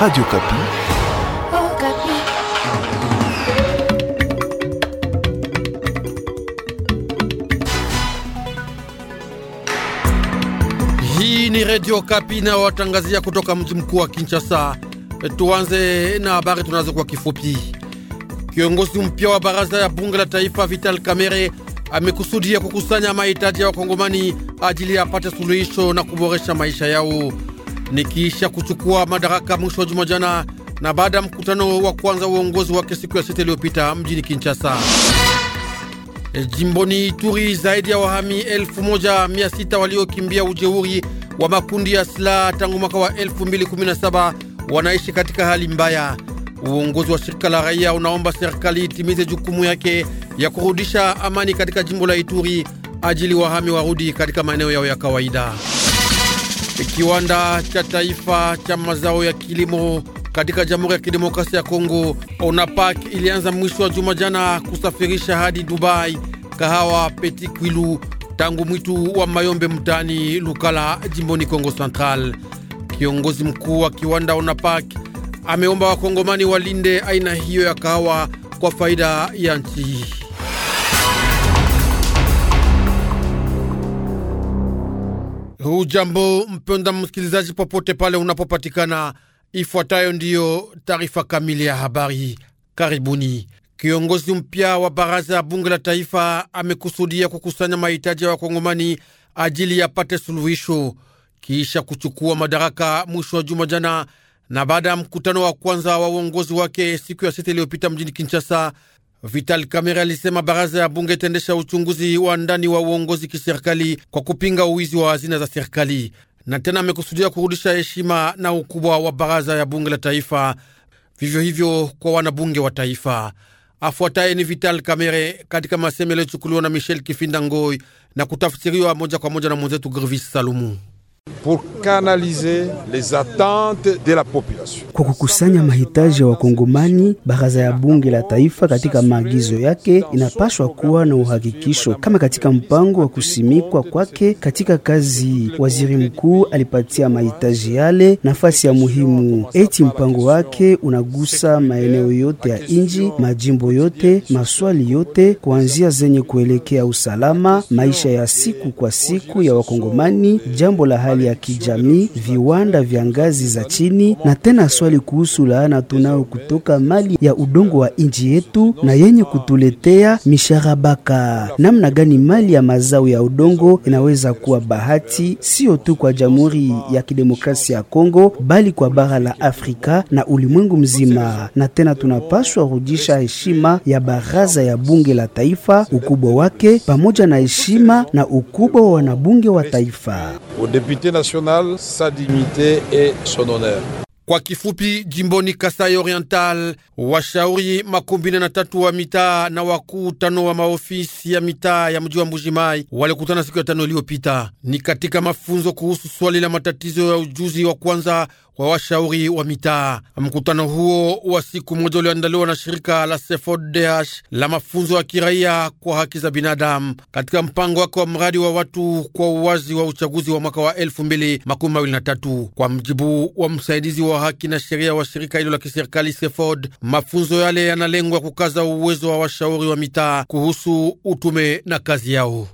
Radio Kapi. Oh, Kapi. Hii ni Radio Kapi na watangazia kutoka mji mkuu wa Kinshasa. E, tuanze na habari tunazo kwa kifupi. Kiongozi mpya wa baraza ya bunge la taifa Vital Kamerhe amekusudia kukusanya mahitaji ya wakongomani ajili ya apate suluhisho na kuboresha maisha yao nikiisha kuchukua madaraka mwisho wa juma jana na baada ya mkutano wa kwanza uongozi wake siku ya sita iliyopita mjini Kinshasa. Jimboni Ituri, zaidi ya wahami 1600 waliokimbia ujeuri wa makundi ya silaha tangu mwaka wa 2017 wanaishi katika hali mbaya. Uongozi wa shirika la raia unaomba serikali itimize jukumu yake ya kurudisha amani katika jimbo la Ituri ajili wahami warudi katika maeneo yao ya kawaida. Kiwanda cha taifa cha mazao ya kilimo katika Jamhuri ya Kidemokrasia ya Kongo, ONAPAK, ilianza mwisho wa juma jana kusafirisha hadi Dubai kahawa Petit Kwilu tangu mwitu wa Mayombe mtani Lukala jimboni Kongo Central. Kiongozi mkuu wa kiwanda ONAPAK ameomba wakongomani walinde aina hiyo ya kahawa kwa faida ya nchi. Hujambo mpenda msikilizaji, popote pale unapopatikana, ifuatayo ndiyo taarifa kamili ya habari. Karibuni. Kiongozi mpya wa baraza ya bunge la taifa amekusudia kukusanya mahitaji ya wakongomani ajili yapate suluhisho kisha kuchukua madaraka mwisho wa juma jana na baada ya mkutano wa kwanza wa uongozi wake siku ya sita iliyopita mjini Kinshasa, Vital Kamera alisema baraza ya bunge tendesha uchunguzi wa ndani wa uongozi kiserikali kwa kupinga uwizi wa hazina za serikali, na tena amekusudia kurudisha heshima na ukubwa wa baraza ya bunge la taifa, vivyo hivyo kwa wanabunge wa taifa. Afuataye ni Vital Kamere katika masemo yaliyochukuliwa na Michel Kifinda Ngoi na kutafsiriwa moja kwa moja na mwenzetu Gervis Salumu. Pour canaliser les attentes de la population. Kwa kukusanya mahitaji ya Wakongomani, baraza ya bunge la taifa katika maagizo yake inapaswa kuwa na uhakikisho kama katika mpango wa kusimikwa kwake katika kazi. Waziri mkuu alipatia mahitaji yale nafasi ya muhimu, eti mpango wake unagusa maeneo yote ya nchi, majimbo yote, maswali yote, kuanzia zenye kuelekea usalama, maisha ya siku kwa siku ya Wakongomani, jambo la hali hali ya kijamii, viwanda vya ngazi za chini, na tena swali kuhusu laana tunao kutoka mali ya udongo wa nchi yetu na yenye kutuletea misharabaka. Namna gani mali ya mazao ya udongo inaweza kuwa bahati sio tu kwa Jamhuri ya Kidemokrasia ya Kongo, bali kwa bara la Afrika na ulimwengu mzima. Na tena tunapaswa rudisha heshima ya baraza ya bunge la taifa, ukubwa wake pamoja na heshima na ukubwa wa wanabunge wa taifa sécurité nationale, sa dignité et son honneur. Kwa kifupi, jimboni Kasai Oriental, washauri makumi na tatu wa mitaa na wakuu tano wa maofisi ya mitaa ya mji wa Mbujimai walikutana siku ya tano iliyopita, ni katika mafunzo kuhusu swali la matatizo ya ujuzi wa kwanza kwa washauri wa mitaa. Mkutano huo wa siku moja ulioandaliwa na shirika la CFODH la mafunzo ya kiraia kwa haki za binadamu katika mpango wake wa mradi wa watu kwa uwazi wa uchaguzi wa mwaka wa tatu. Kwa mjibu wa msaidizi wa haki na sheria wa shirika hilo la kiserikali CFOD, mafunzo yale yanalengwa kukaza uwezo wa washauri wa mitaa kuhusu utume na kazi yao.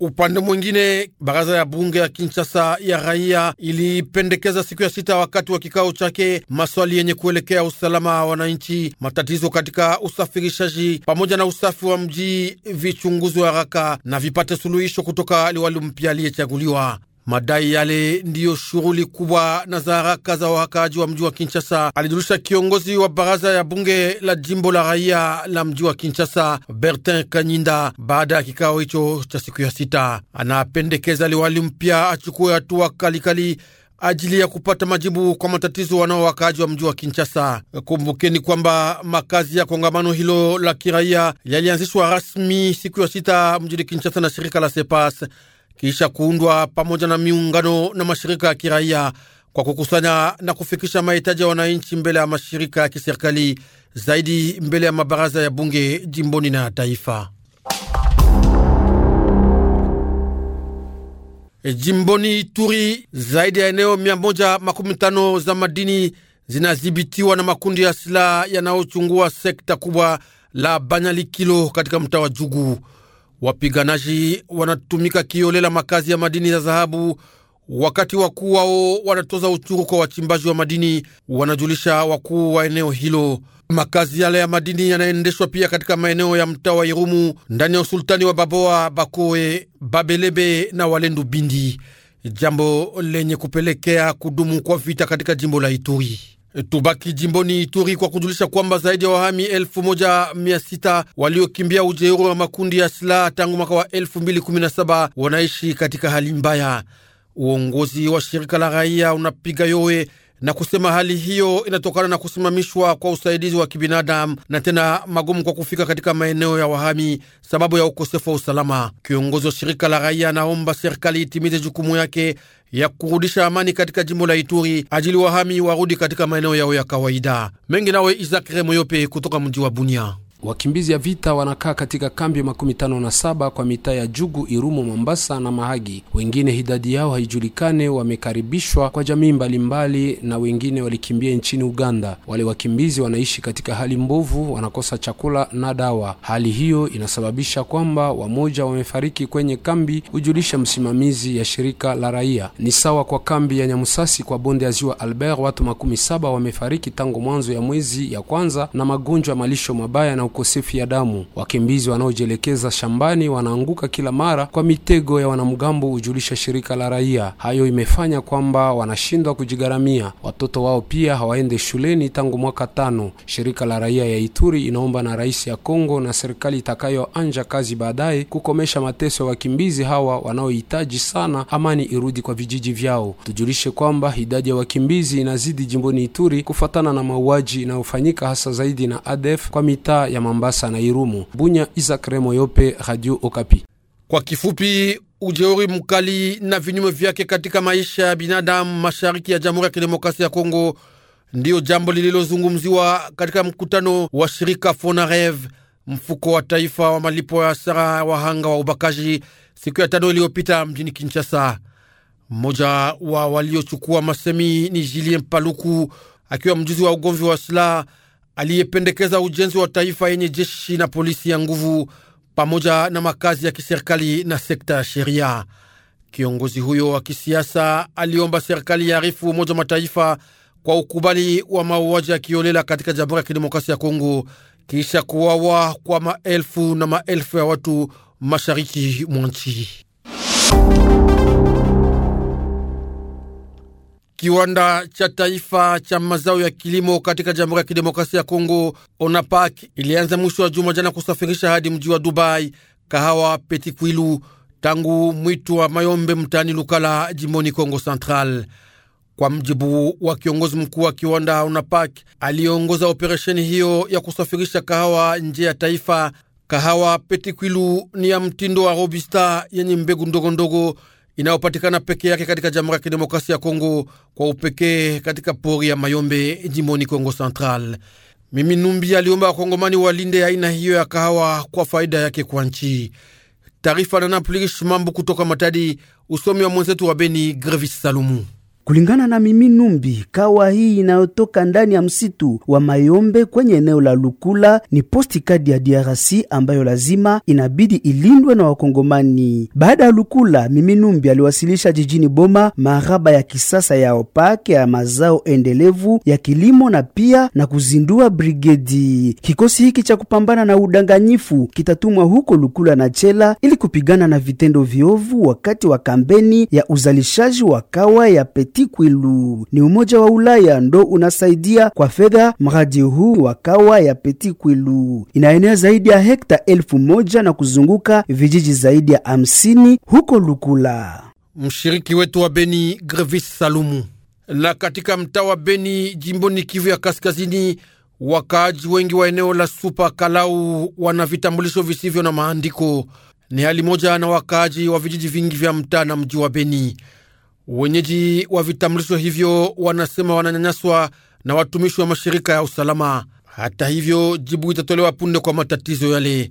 Upande mwingine, baraza ya bunge ya Kinshasa ya raia ilipendekeza siku ya sita wakati wa kikao chake maswali yenye kuelekea usalama wa wananchi, matatizo katika usafirishaji pamoja na usafi wa mji vichunguzwe haraka na vipate suluhisho kutoka liwali mpya aliyechaguliwa. Madai yale ndiyo shughuli kubwa na za haraka za wahakaji wa mji wa Kinshasa, alijulisha kiongozi wa baraza ya bunge la jimbo la raia la mji wa Kinshasa, Bertin Kanyinda, baada ya kikao hicho cha siku ya sita. Anapendekeza liwali mpya achukue hatua kalikali ajili ya kupata majibu kwa matatizo wanao wakaaji wa mji wa Kinshasa. Kumbukeni kwamba makazi ya kongamano hilo la kiraia yalianzishwa rasmi siku ya sita mjini Kinshasa na shirika la Sepas kisha kuundwa pamoja na miungano na mashirika ya kiraia kwa kukusanya na kufikisha mahitaji ya wananchi mbele ya mashirika ya kiserikali, zaidi mbele ya mabaraza ya bunge jimboni na taifa. E, jimboni Ituri zaidi ya eneo mia moja makumi tano za madini zinadhibitiwa na makundi ya silaha yanayochungua sekta kubwa la Banyalikilo katika mtaa wa Jugu. Wapiganaji wanatumika kiolela makazi ya madini ya dhahabu, wakati wakuu wao wanatoza uchuru kwa wachimbaji wa madini, wanajulisha wakuu wa eneo hilo. Makazi yale ya madini yanaendeshwa pia katika maeneo ya mtaa wa Irumu ndani ya usultani wa Baboa, Bakoe, Babelebe na Walendu Bindi, jambo lenye kupelekea kudumu kwa vita katika jimbo la Ituri. Tubaki jimboni Ituri kwa kujulisha kwamba zaidi ya wahami sita waliokimbia ujeuri wa makundi ya silaha tangu mwaka wa saba wanaishi katika hali mbaya. Uongozi wa shirika la raia unapiga yowe na kusema hali hiyo inatokana na kusimamishwa kwa usaidizi wa kibinadamu na tena magumu kwa kufika katika maeneo ya wahami sababu ya ukosefu wa usalama. Kiongozi wa shirika la raia anaomba serikali itimize jukumu yake ya kurudisha amani katika jimbo la Ituri ajili wahami warudi katika maeneo yao ya kawaida. Mengi nawe Isak Remoyope kutoka mji wa Bunia. Wakimbizi ya vita wanakaa katika kambi makumi tano na saba kwa mitaa ya Jugu, Irumu, Mombasa na Mahagi. Wengine idadi yao haijulikane, wamekaribishwa kwa jamii mbalimbali mbali, na wengine walikimbia nchini Uganda. Wale wakimbizi wanaishi katika hali mbovu, wanakosa chakula na dawa. Hali hiyo inasababisha kwamba wamoja wamefariki kwenye kambi, hujulisha msimamizi ya shirika la raia. Ni sawa kwa kambi ya Nyamusasi kwa bonde ya ziwa Albert, watu makumi saba wamefariki tangu mwanzo ya mwezi ya kwanza na magonjwa ya malisho mabaya na ukosefu ya damu. Wakimbizi wanaojielekeza shambani wanaanguka kila mara kwa mitego ya wanamgambo, hujulisha shirika la raia. Hayo imefanya kwamba wanashindwa kujigharamia, watoto wao pia hawaende shuleni tangu mwaka tano. Shirika la raia ya Ituri inaomba na rais ya Kongo na serikali itakayoanja kazi baadaye kukomesha mateso ya wakimbizi hawa wanaohitaji sana amani irudi kwa vijiji vyao. Tujulishe kwamba idadi ya wakimbizi inazidi jimboni Ituri kufatana na mauaji inayofanyika hasa zaidi na ADF kwa mitaa ya Mambasa na Irumu. Bunya, Isaac Remo Radio Okapi. Kwa kifupi, ujeuri mkali na vinyume vyake katika maisha ya binadamu mashariki ya Jamhuri ya Kidemokrasia ya Kongo ndiyo jambo lililozungumziwa katika mkutano wa shirika Fonarev, mfuko wa taifa wa malipo ya hasara wahanga wa ubakaji, siku ya tano iliyopita mjini Kinshasa. Mmoja wa waliochukua masemi ni Julien Paluku, akiwa mjuzi wa ugomvi wa silaha aliyependekeza ujenzi wa taifa yenye jeshi na polisi ya nguvu pamoja na makazi ya kiserikali na sekta ya sheria. Kiongozi huyo wa kisiasa aliomba serikali ya arifu Umoja wa Mataifa kwa ukubali wa mauaji ya kiolela katika Jamhuri ya Kidemokrasia ya Kongo kisha kuwawa kwa maelfu na maelfu ya watu mashariki mwa nchi. Kiwanda cha taifa cha mazao ya kilimo katika Jamhuri ya Kidemokrasia ya Kongo, ONAPAK, ilianza mwisho wa juma jana kusafirisha hadi mji wa Dubai kahawa petikwilu tangu mwitu wa Mayombe mtaani Lukala, jimboni Kongo Central. Kwa mjibu wa kiongozi mkuu wa kiwanda ONAPAK aliyeongoza operesheni hiyo ya kusafirisha kahawa nje ya taifa, kahawa petikwilu ni ya mtindo wa robusta yenye mbegu ndogondogo ndogo inayopatikana peke yake katika Jamhuri ya Kidemokrasia ya Kongo, kwa upekee katika pori ya Mayombe jimboni Kongo Central. Mimi Numbi aliomba wakongomani walinde aina hiyo ya kahawa kwa faida yake kwa nchi. Taarifa na Naplish Mambu kutoka Matadi, usomi wa mwenzetu wa Beni, Grevis Salumu. Kulingana na Mimi Numbi, kawa hii inayotoka ndani ya msitu wa Mayombe kwenye eneo la Lukula ni posti kadi ya DRC ambayo lazima inabidi ilindwe na Wakongomani. Baada ya Lukula, Mimi Numbi aliwasilisha jijini Boma maraba ya kisasa ya opake ya mazao endelevu ya kilimo na pia na kuzindua brigedi. Kikosi hiki cha kupambana na udanganyifu kitatumwa huko Lukula na Chela ili kupigana na vitendo viovu wakati wa kampeni ya uzalishaji wa kawa ya pete miti Kwilu. Ni umoja wa Ulaya ndo unasaidia kwa fedha mradi huu wa kawa ya Peti Kwilu, inaenea zaidi ya hekta elfu moja na kuzunguka vijiji zaidi ya hamsini huko Lukula. Mshiriki wetu wa Beni Grevis Salumu. Na katika mtaa wa Beni jimboni Kivu ya Kaskazini, wakaaji wengi wa eneo la Supa Kalau wana vitambulisho visivyo na maandiko. Ni hali moja na wakaaji wa vijiji vingi vya mtaa na mji wa Beni. Wenyeji wa vitambulisho hivyo wanasema wananyanyaswa na watumishi wa mashirika ya usalama. Hata hivyo, jibu itatolewa punde kwa matatizo yale.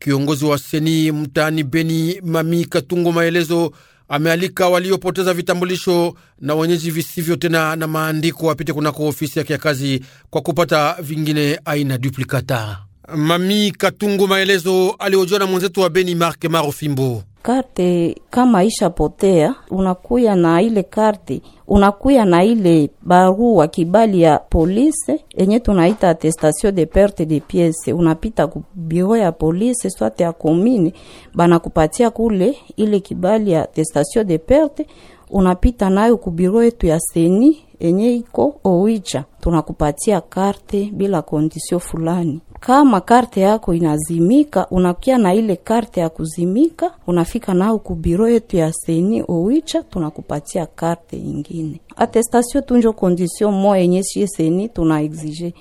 Kiongozi wa seni mtaani Beni, Mami Katungo Maelezo, amealika waliopoteza vitambulisho na wenyeji visivyo tena na maandiko wapite kunako ofisi yake ya kazi kwa kupata vingine aina duplikata. Mami Katungo Maelezo alihojiwa na mwenzetu wa Beni Marke Marofimbo karte kama ishapotea, potea, unakuya na ile karte, unakuya na ile barua kibali ya polise enye tunaita attestation de perte de piece. Unapita ku biro ya polise swate ya komine, banakupatia kule ile kibali ya attestation de perte, unapita nayo ku biro yetu ya seni enye iko Owicha, tunakupatia karte bila kondisio fulani kama karte yako inazimika, unakia na ile karte ya kuzimika, unafika nao biro yetu ya seni owicha, tunakupatia karte ingine. Atestasio tunjo kondisio mo enye sie seni tuna exige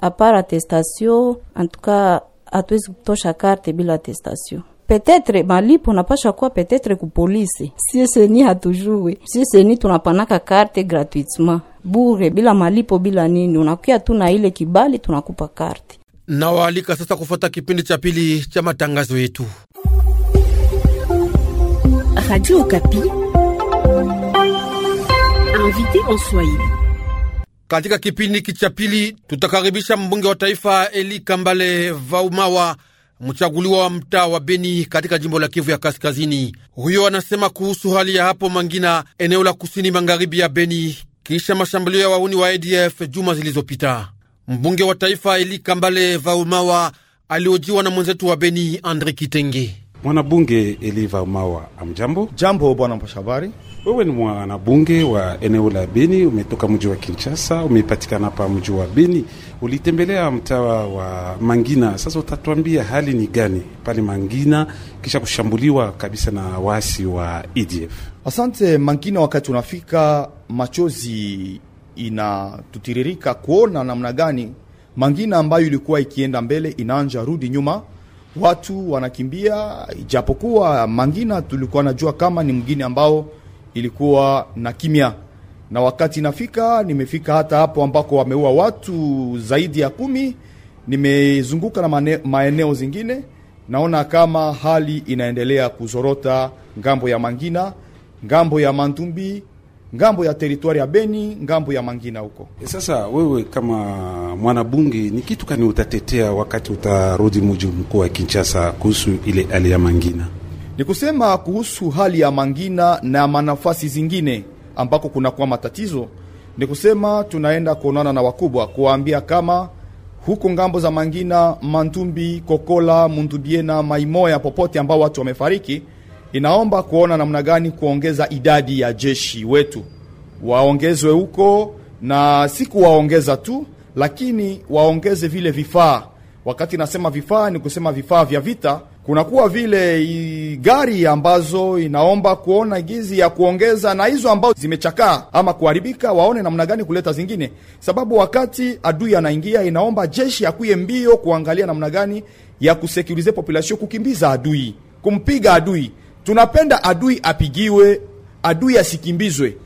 apara atestasio, antuka hatuwezi kutosha karte bila atestasio petetre malipo napasha kuwa petetre kupolisi. Sie seni hatujui, sie seni tunapanaka karte gratuitement bure bila malipo bila nini, unakuya tu na ile kibali tunakupa karte Nawaalika sasa kufuata kipindi cha pili cha matangazo yetu Katika kipindi cha pili tutakaribisha mbunge wa taifa Eli Kambale Vaumawa, mchaguliwa wa mtaa wa Beni katika jimbo la Kivu ya Kaskazini. Huyo anasema kuhusu hali ya hapo Mangina, eneo la kusini magharibi ya Beni, kisha mashambulio ya wauni wa ADF juma zilizopita. Mbunge wa taifa Eli Kambale Vaumawa aliojiwa na mwenzetu wa Beni Andre Kitenge. Mwanabunge Eli Vaumawa, amjambo. Jambo bwana Mpashabari. Wewe ni mwanabunge wa eneo la Beni, umetoka mji wa Kinshasa, umepatikana hapa mji wa Beni, ulitembelea mtaa wa Mangina. Sasa utatuambia hali ni gani pale Mangina kisha kushambuliwa kabisa na waasi wa EDF? Asante. Mangina wakati unafika machozi inatutiririka kuona namna gani mangina ambayo ilikuwa ikienda mbele inaanja rudi nyuma, watu wanakimbia, ijapokuwa mangina tulikuwa najua kama ni mgini ambao ilikuwa na kimya, na wakati nafika, nimefika hata hapo ambako wameua watu zaidi ya kumi. Nimezunguka na maeneo zingine, naona kama hali inaendelea kuzorota ngambo ya Mangina, ngambo ya Mantumbi ngambo ya teritwari ya Beni, ngambo ya Mangina huko. E, sasa wewe kama mwanabunge, ni kitu kani utatetea wakati utarudi mji mkuu wa Kinshasa kuhusu ile hali ya Mangina? Ni kusema kuhusu hali ya Mangina na manafasi zingine ambako kunakuwa matatizo, ni kusema tunaenda kuonana na wakubwa kuwaambia kama huko ngambo za Mangina, Mantumbi, Kokola, Mundubiena, Maimoya, popote ambao watu wamefariki inaomba kuona namna gani kuongeza idadi ya jeshi wetu, waongezwe huko, na si kuwaongeza tu, lakini waongeze vile vifaa. Wakati nasema vifaa, ni kusema vifaa vya vita. Kunakuwa vile gari ambazo inaomba kuona gizi ya kuongeza, na hizo ambazo zimechakaa ama kuharibika, waone namna gani kuleta zingine, sababu wakati adui anaingia, inaomba jeshi akuye mbio kuangalia namna gani ya kusekurize population, kukimbiza adui, kumpiga adui Tunapenda adui apigiwe, adui asikimbizwe,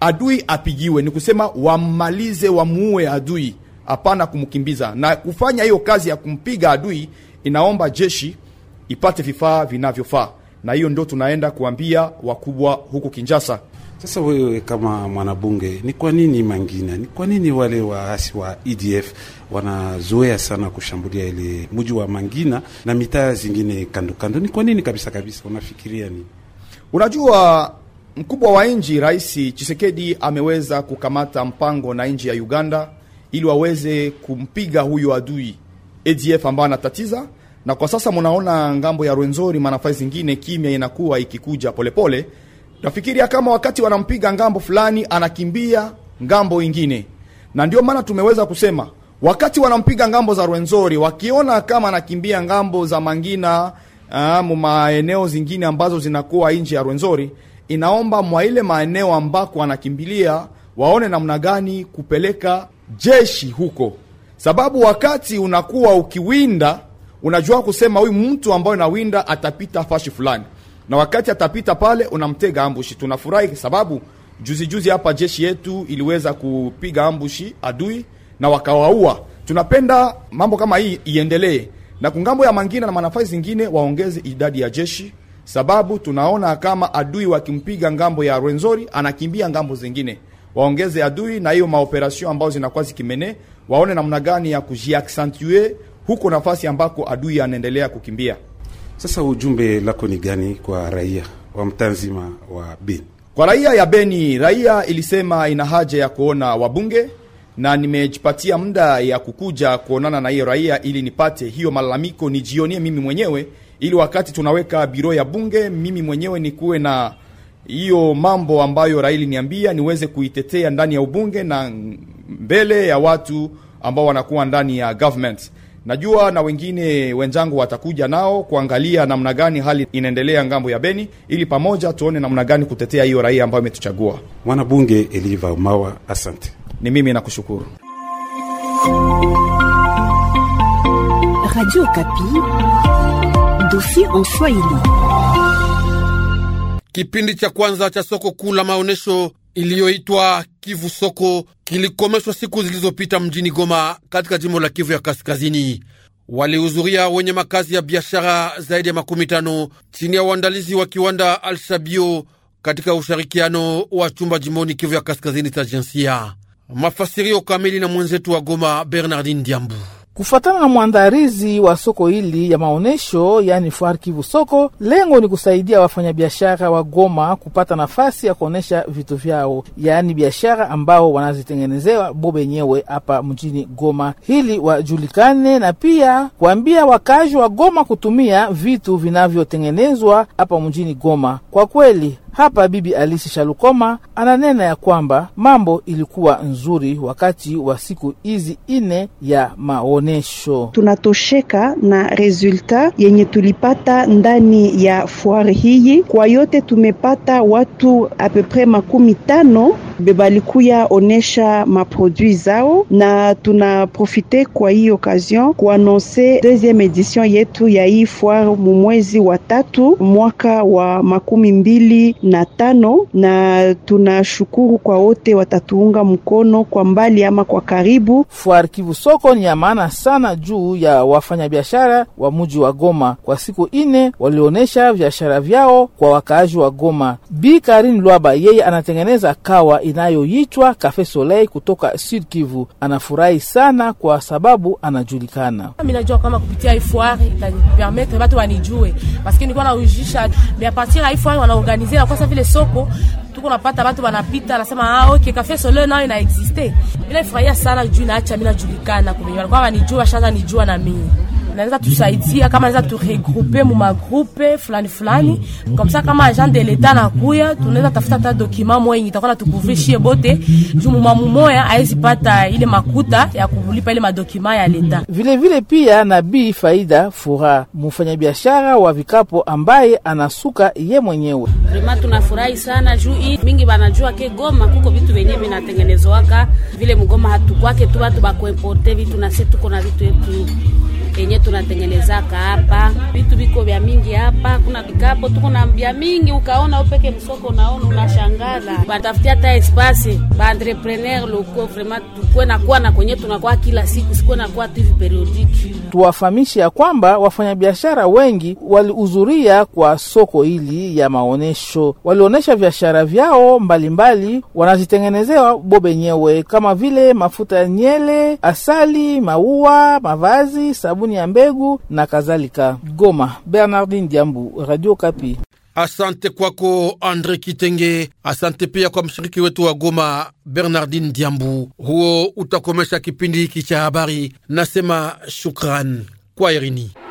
adui apigiwe, ni kusema wammalize, wamuue adui, hapana kumkimbiza. Na kufanya hiyo kazi ya kumpiga adui inaomba jeshi ipate vifaa vinavyofaa, na hiyo ndio tunaenda kuambia wakubwa huku Kinshasa. Sasa wewe kama mwanabunge, ni kwa nini Mangina, ni kwa nini wale waasi wa EDF wanazoea sana kushambulia ile mji wa Mangina na mitaa zingine kando kando? Ni kwa nini kabisa kabisa, unafikiria nini? Unajua, mkubwa wa nji Rais Chisekedi ameweza kukamata mpango na nji ya Uganda ili waweze kumpiga huyo adui ADF e ambayo anatatiza, na kwa sasa munaona ngambo ya Rwenzori manafai zingine kimya inakuwa ikikuja polepole pole, Nafikiria kama wakati wanampiga ngambo fulani anakimbia ngambo ingine, na ndio maana tumeweza kusema wakati wanampiga ngambo za Rwenzori, wakiona kama anakimbia ngambo za Mangina ah, mu maeneo zingine ambazo zinakuwa nje ya Rwenzori, inaomba mwa ile maeneo ambako anakimbilia waone namna gani kupeleka jeshi huko, sababu wakati unakuwa ukiwinda, unajua kusema huyu mtu ambaye unawinda atapita fashi fulani na wakati atapita pale unamtega ambushi. Tunafurahi sababu juzi juzi hapa jeshi yetu iliweza kupiga ambushi adui na wakawaua. Tunapenda mambo kama hii iendelee, na kungambo ya Mangina na manafasi zingine waongeze idadi ya jeshi, sababu tunaona kama adui wakimpiga ngambo ya Rwenzori anakimbia ngambo zingine. Waongeze adui na hiyo maoperasyon ambazo zinakuwa zikimene, waone namna gani ya kujiaccentue huko nafasi ambako adui anaendelea kukimbia. Sasa ujumbe lako ni gani kwa raia wa mtaa nzima wa Beni? Kwa raia ya Beni, raia ilisema ina haja ya kuona wabunge na nimejipatia muda ya kukuja kuonana na hiyo raia ili nipate hiyo malalamiko, nijionie mimi mwenyewe, ili wakati tunaweka biro ya bunge, mimi mwenyewe nikuwe na hiyo mambo ambayo raia iliniambia niweze kuitetea ndani ya ubunge na mbele ya watu ambao wanakuwa ndani ya government. Najua na wengine wenzangu watakuja nao kuangalia namna gani hali inaendelea ngambo ya Beni, ili pamoja tuone namna gani kutetea hiyo raia ambayo imetuchagua. Mwanabunge Eliva Umawa, asante. Ni mimi nakushukuru. Radio Kapi, en Swahili. Kipindi cha kwanza cha soko kuu la maonyesho iliyoitwa Kivu Soko kilikomeshwa siku zilizopita mjini Goma katika jimbo la Kivu ya Kaskazini. Walihudhuria wenye makazi ya biashara zaidi ya makumi tano chini ya uandalizi wa kiwanda Alshabio katika ushirikiano wa chumba jimboni Kivu ya Kaskazini cha jinsia. Mafasirio kamili na mwenzetu wa Goma, Bernardin Diambu. Kufuatana na mwandarizi wa soko hili ya maonyesho yani Foire Kivu Soko, lengo ni kusaidia wafanyabiashara wa Goma kupata nafasi ya kuonyesha vitu vyao, yaani biashara ambao wanazitengenezewa bobe benyewe hapa mjini Goma, hili wajulikane, na pia kuambia wakazi wa Goma kutumia vitu vinavyotengenezwa hapa mjini Goma. Kwa kweli hapa Bibi Alisi Shalukoma ananena ya kwamba mambo ilikuwa nzuri wakati wa siku hizi ine ya maonesho. Tunatosheka na resulta yenye tulipata ndani ya fuari hii, kwa yote tumepata watu apepre makumi tano bebalikuya onesha maprodui zao, na tunaprofite kwa hii okazion kuanonse deuxieme edition yetu ya hii foire mu mwezi wa tatu mwaka wa makumi mbili na tano, na tunashukuru kwa wote watatuunga mkono kwa mbali ama kwa karibu. Foire Kivu Soko ni ya maana sana juu ya wafanyabiashara wa muji wa Goma. Kwa siku ine walionesha biashara vyao kwa wakaaji wa Goma. Bi Karin Lwaba yeye anatengeneza kawa inayoitwa Cafe Soleil kutoka Sud Kivu. Anafurahi sana kwa sababu anajulikana. Mimi najua kama kupitia ifuari itanipermettre watu wanijue, paske nilikuwa naujisha mais a partir ya ifoire wanaorganize na kosa vile soko tuko napata watu wanapita, nasema ah, okay Cafe Soleil nayo inaexiste. existe. Mimi nafurahia sana juu naacha mimi najulikana, kwa walikuwa wanijua, washaanza nijua na mimi naweza tusaidia kama naweza turegroupe mu magrupe fulani fulani, kamsa kama agent de l'etat nakuya, tunaweza tafuta hata dokima mwenye itakuwa natukuvrishie bote juu mamu moya aezi pata ile makuta ya kulipa ile madokima ya leta. vile pia nabii Faida Furaha, mfanyabiashara wa vikapo ambaye anasuka ye mwenyewe. Rima, tunafurahi sana juu hii mingi banajua ke Goma kuko vitu venyewe vinatengenezwaka vile mgoma hatukwake tu batu bakuimporte vitu na sisi tuko na vitu yetu yenye tunatengenezaka hapa. Vitu viko vya mingi hapa, kuna vikapo tuko na vya mingi, ukaona upeke msoko, unaona unashangaza, batafutia hata espace ba entrepreneur loko vraiment, tukwe na kuwa na kwenye tunakuwa kila siku, sikuwe na kuwa tu periodiki. Tuwafahamishe ya kwamba wafanyabiashara wengi walihudhuria kwa soko hili ya maonesho, walionyesha biashara vyao mbalimbali wanazitengenezewa bobe nyewe, kama vile mafuta ya nyele, asali, maua, mavazi, sabuni kampuni ya mbegu na kadhalika. Goma, Bernardin Diambu, Radio Kapi. Asante kwako Andre Kitenge, asante pia kwa mshiriki wetu wa Goma Bernardin Diambu. Huo utakomesha kipindi hiki cha habari, nasema shukran kwa Irini.